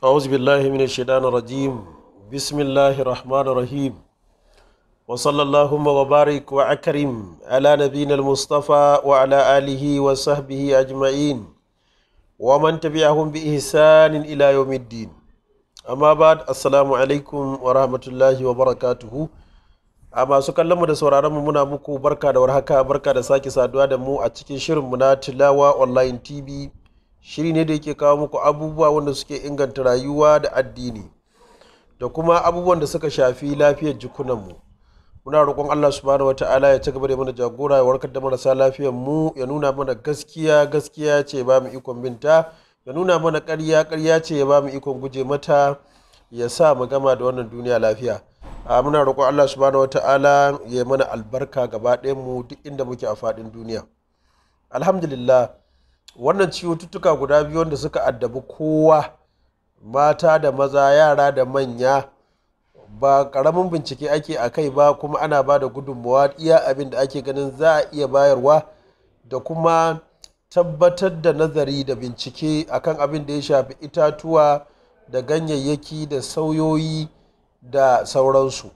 أعوذ بالله من الشيطان الرجيم بسم الله الرحمن الرحيم وصلى اللهم وبارك وأكرم على نبينا المصطفى وعلى آله وصحبه أجمعين ومن تبعهم بإحسان إلى يوم الدين amma ba assalamu alaikum wa rahmatullahi wa barakatuhu a masu kallonmu da sauraronmu muna muku barka da warhaka barka da sake saduwa da mu a cikin shirinmu na tilawa online tv shiri ne da yake kawo muku abubuwa wanda suke inganta rayuwa da addini da kuma abubuwan da suka shafi lafiyar jikunanmu muna roƙon allah subhanahu wa ta'ala ya ci gaba da mana jagora ya warkar da marasa lafiyar mu ya nuna mana gaskiya gaskiya ce ba mu ikon binta ya nuna mana ƙarya ƙarya ce ya ba mu ikon guje mata ya sa mu gama da wannan duniya lafiya a muna roƙon allah subhanahu wa ta'ala ya mana albarka gaba ɗayan mu duk inda muke a faɗin duniya alhamdulillah wannan cututtuka guda biyu da suka addabi kowa mata da maza yara da manya ba karamin bincike ake a kai ba kuma ana ba da gudunmawa iya abin da ake ganin za a iya bayarwa da kuma tabbatar da nazari da bincike akan abin da ya shafi itatuwa da ganyayyaki da sauyoyi da sauransu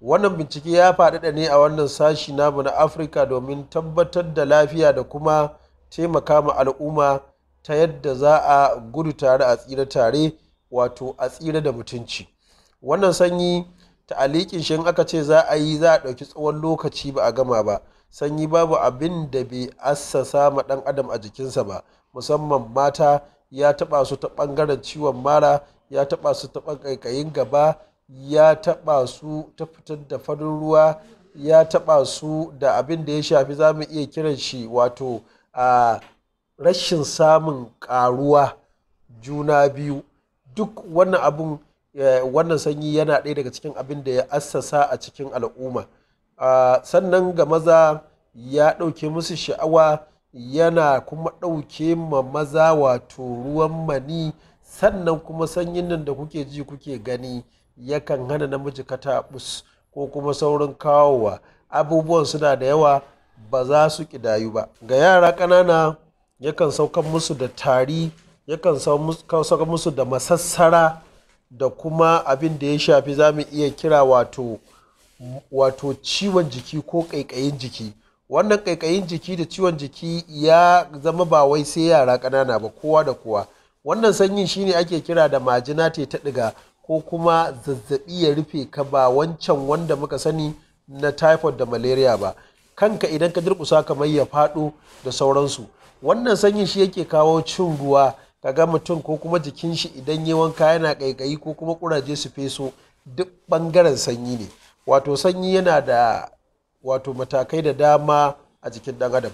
wannan bincike ya faɗaɗa ne a wannan sashi namu na afirka domin tabbatar da lafiya da kuma taimaka ma al'umma ta yadda za a gudu tare a tsira tare wato a tsira da mutunci wannan sanyi ta shi in aka ce za a yi za a ɗauki tsawon lokaci ba a gama ba sanyi babu abin da bai assasa ma ɗan adam a jikinsa ba musamman mata ya taɓa su ta ɓangaren ciwon mara ya taɓa su ta ƙaiƙayin gaba ya taɓa su ta fitar da farin ruwa ya taɓa su da abin da ya shafi za mu iya kiran shi wato a rashin samun ƙaruwa juna biyu duk wannan abin wannan sanyi yana ɗaya daga cikin abin da ya assasa a cikin al'umma sannan ga maza ya ɗauke musu sha'awa yana kuma ɗauke ma maza wato ruwan mani sannan kuma sanyin nan da kuke ji kuke gani yakan hana namiji katabus, ko kuma saurin kawowa abubuwan suna da yawa ba za su ƙidayu ba ga yara ƙanana yakan saukan musu da tari yakan saukan musu da masassara da kuma abin da ya shafi za mu iya kira wato ciwon jiki ko ƙaiƙayin jiki wannan ƙaiƙayin jiki da ciwon jiki ya zama ba wai sai yara ƙanana ba kowa da kowa wannan sanyin shine ake kira da majina te ta ɗiga ko kuma zazzaɓi ya rufe ka ba wancan wanda muka sani na typhoid da malaria ba kanka idan ka durƙusa kamar ya faɗo da sauransu wannan sanyin shi yake kawo cin ruwa ka kaga mutum ko kuma jikin shi idan yi wanka yana ƙaiƙayi ko kuma ƙuraje su feso duk ɓangaren sanyi ne wato sanyi yana da wato matakai da dama a jikin ɗan adam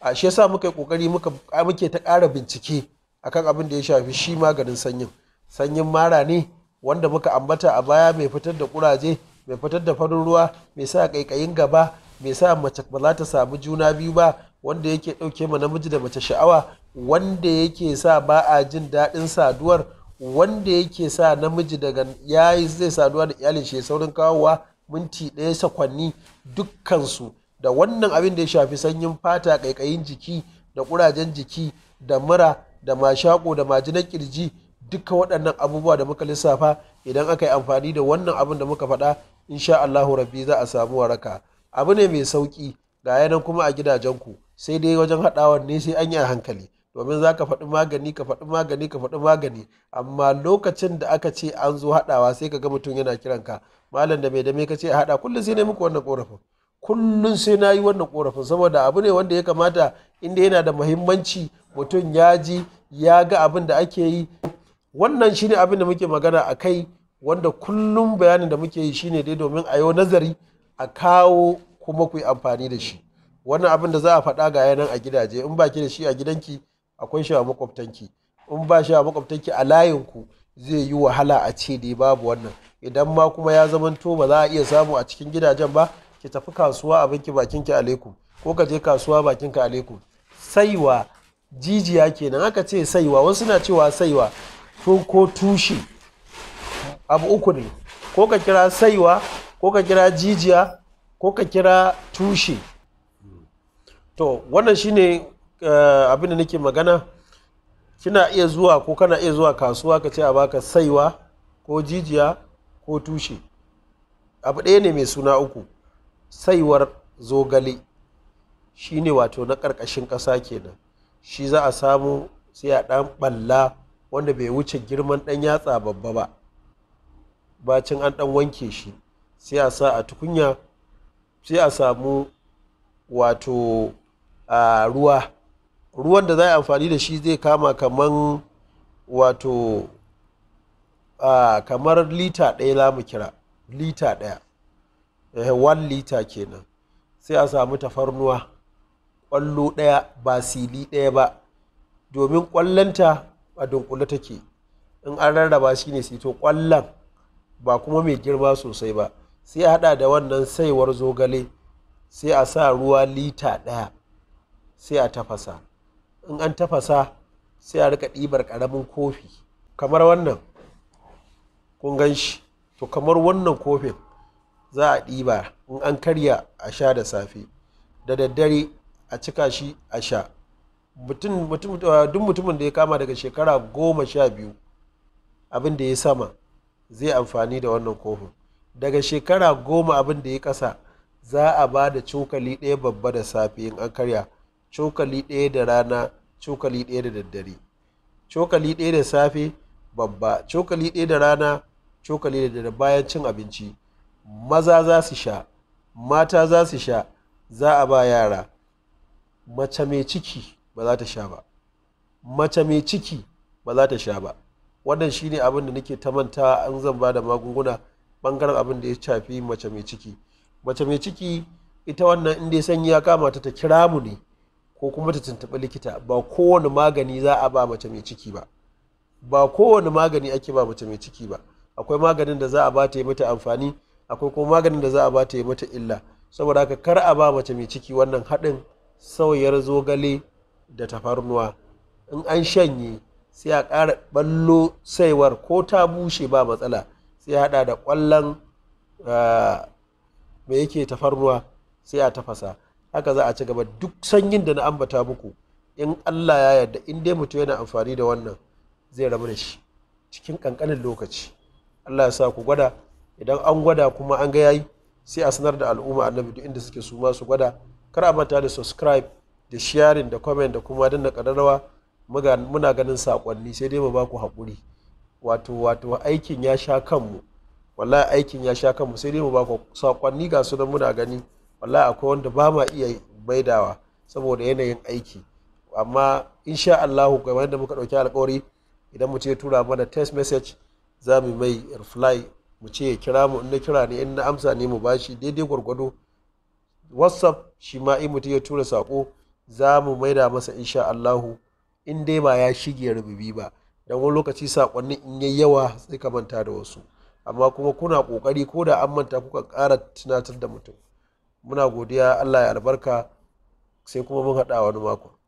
a shi yasa muka yi ƙoƙari muke ta ƙara bincike akan abin da ya shafi shi maganin sanyin sanyin mara ne wanda muka ambata a baya mai fitar da ƙuraje mai fitar da farin ruwa mai sa ƙaiƙayin gaba bai sa mace ba za ta samu juna biyu ba wanda yake ɗauke ma namiji da mace sha'awa wanda yake sa ba a jin daɗin saduwar wanda yake sa namiji daga ya zai saduwa da iyalin shi saurin kawowa minti ɗaya sakwanni dukkansu da wannan abin da ya shafi sanyin fata ƙaiƙayin jiki da ƙurajen jiki da mura da mashaƙo da na kirji duka waɗannan abubuwa da muka lissafa idan aka yi amfani da wannan abin da muka faɗa insha Allahu rabbi za a samu waraka abu ne mai sauki ga yanan kuma a gidajenku sai dai wajen haɗawar ne sai an yi a hankali domin za ka faɗi magani ka faɗi magani ka faɗi magani amma lokacin da aka ce an zo haɗawa sai ka ga mutum yana kiran ka malam da mai me ka ce a haɗa kullum sai na muku wannan korafin kullum sai na yi wannan korafin saboda abu ne wanda ya kamata inda yana da muhimmanci mutum ya ji ya ga abin da ake yi wannan shine abin da muke magana a kai wanda kullum bayanin da muke yi shine dai domin a yau nazari a kawo kuma ku yi amfani da shi wannan abin da za a faɗa ga yanan a gidaje in ba ki da shi a gidanki akwai shi a makwabtanki in ba shi a makwabtanki a layinku zai yi wahala a ce dai babu wannan idan ma kuma ya zamanto ba za a iya samu a cikin gidajen ba ki tafi kasuwa abinki ki alaikum ko ka je kasuwa bakin ka alaikum saiwa jijiya kenan aka ce saiwa wasu na cewa saiwa to ko tushe abu uku ne ko ka kira saiwa ko ka kira jijiya ko ka kira tushe to wannan shine uh, abin da nake magana kina iya zuwa ko kana iya zuwa kasuwa ka ce a baka saiwa ko jijiya ko tushe abu ɗaya ne mai suna uku saiwar zogale shine wato na ƙarƙashin ƙasa kenan shi za a samu sai a ɗan ɓalla wanda bai wuce girman ɗan yatsa babba ba bacin an ɗan wanke shi sai a sa a tukunya sai a samu wato a ruwa ruwan da za a amfani da shi zai kama kaman wato a kamar lita ɗaya za mu kira lita ɗaya eh, one lita kenan sai a samu tafarnuwa ƙwallo ɗaya ba sili ɗaya ba domin ƙwallonta a dunkule take in an rarraba shi ne sito ƙwallon ba kuma mai girma sosai ba sai a hada da wannan saiwar zogale sai a sa ruwa lita ɗaya sai a tafasa in an tafasa sai a rika ɗibar karamin kofi kamar wannan kun gan shi to kamar wannan kofin za a ɗiba in an karya a sha da safe da daddare a cika shi a sha ah, duk mutumin da ya kama daga shekara goma sha biyu abin da ya sama zai amfani da wannan kofin daga shekara goma abin da ya ƙasa za a ba da cokali ɗaya babba da safe in an karya cokali ɗaya da rana cokali ɗaya da daddare cokali ɗaya da safe babba cokali ɗaya da rana cokali da daddare bayan cin abinci maza za su sha mata za su sha za a ba yara mace mai ciki ba za ta sha ba mace mai ciki ba za ta sha ba wannan shine abin da nake ta mantawa an zan ba da magunguna bangaren abin da ya shafi mace mai ciki mace mai ciki ita wannan inda ya sanyi ya kama ta ta kira mu ne ko kuma ta tuntuɓi likita ba kowane magani za a ba mace mai ciki ba ba kowane magani ake ba mace mai ciki ba akwai maganin da za a ba ta yi mata amfani akwai kuma maganin da za a ba ta yi mata illa saboda haka kar a ba mace mai ciki wannan haɗin sauyar zogale da tafarnuwa in an shanye sai a ƙara ballo saiwar ko ta bushe ba matsala sai ya hada da kwallon eh, me yake tafarnuwa sai a tafasa haka za a ci gaba duk sanyin da na ambata muku in Allah ya yarda in dai mutum yana amfani da wannan zai rabu da shi cikin kankanin lokaci Allah ya sa ku gwada idan an gwada kuma an ga yayi sai a sanar da al'umma annabi duk inda suke su ma su gwada kar a manta da subscribe da sharing da comment da kuma danna kararrawa muna ganin sakonni sai dai mu ba ku haƙuri wato wato aikin ya sha kanmu wallahi aikin ya sha kanmu sai dai mu ba ku sakonni ga su muna gani wallahi akwai wanda ba ma iya baidawa saboda yanayin aiki amma insha Allah da muka dauki alƙawari idan mu ce tura mana text message za mu mai reply mu ce ya kira mu in na kira ne in amsa ne mu bashi daidai gwargwado whatsapp shi ma in mutum ya tura sako za mu maida masa insha Allah in dai ba ya shige rububi ba don wani lokaci saƙonni in yi yawa sai ka manta da wasu amma kuma kuna ƙoƙari ko da an manta kuka ƙara tunatar da mutum muna godiya allah ya albarka sai kuma mun haɗa wani makon